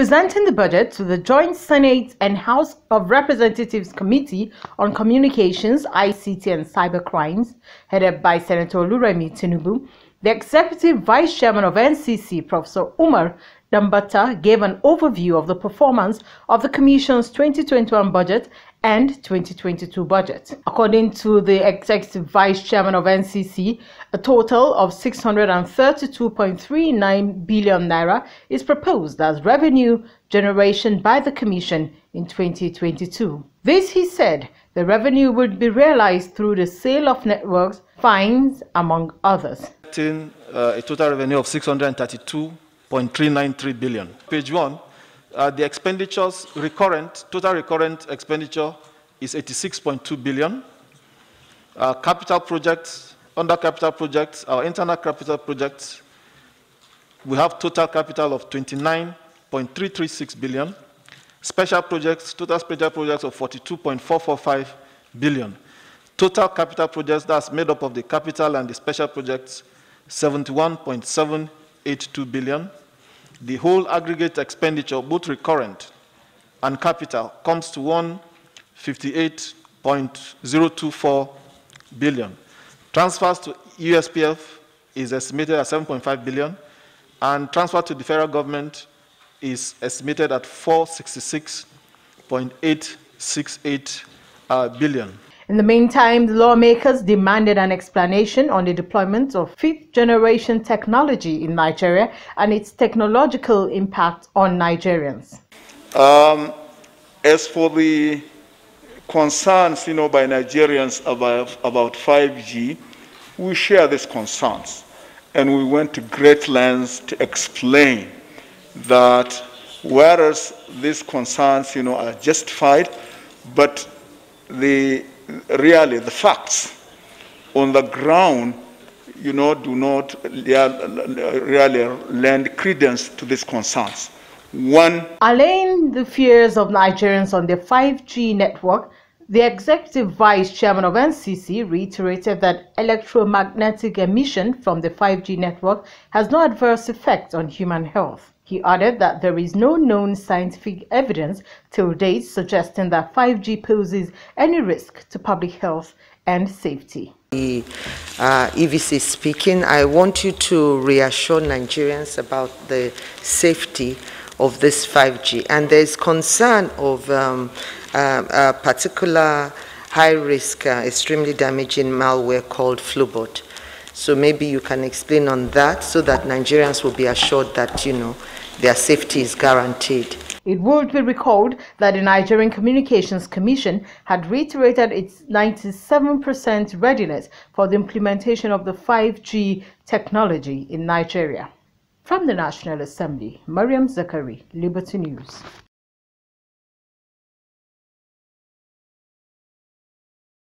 presenting the budget to the Joint Senate and House of Representatives Committee on Communications, ICT and Cyber Crimes, headed by Senator Luremi Tinubu, the Executive Vice Chairman of NCC, Professor Umar Dambata, gave an overview of the performance of the Commission's 2021 budget and 2022 budget. According to the Executive Vice Chairman of NCC, a total of 632.39 billion naira is proposed as revenue generation by the Commission in 2022. This, he said, the revenue would be realized through the sale of networks, fines, among others uh, a total revenue of 632.393 billion. Page one, uh, the expenditures recurrent, total recurrent expenditure is 86.2 billion. Uh, capital projects, under capital projects, our internal capital projects, we have total capital of 29.336 billion. Special projects, total special projects of 42.445 billion. Total capital projects that's made up of the capital and the special projects 71.782 billion. The whole aggregate expenditure, both recurrent and capital, comes to 158.024 billion. Transfers to USPF is estimated at 7.5 billion, and transfer to the federal government is estimated at 466.868 uh, billion. In the meantime, the lawmakers demanded an explanation on the deployment of fifth generation technology in Nigeria and its technological impact on Nigerians. Um, as for the concerns you know, by Nigerians about, about 5G, we share these concerns and we went to great lengths to explain that whereas these concerns you know, are justified, but the really the facts on the ground, you know, do not really lend credence to these concerns. One. Allaying the fears of Nigerians on the 5G network, the executive vice chairman of NCC reiterated that electromagnetic emission from the 5G network has no adverse effect on human health. He added that there is no known scientific evidence till date suggesting that 5G poses any risk to public health and safety. The uh, EVC speaking, I want you to reassure Nigerians about the safety of this 5G. And there's concern of um, uh, a particular high risk, uh, extremely damaging malware called Flubot. So maybe you can explain on that so that Nigerians will be assured that, you know, their safety is guaranteed. It would be recalled that the Nigerian Communications Commission had reiterated its 97% readiness for the implementation of the 5G technology in Nigeria. From the National Assembly, Mariam Zakari, Liberty News.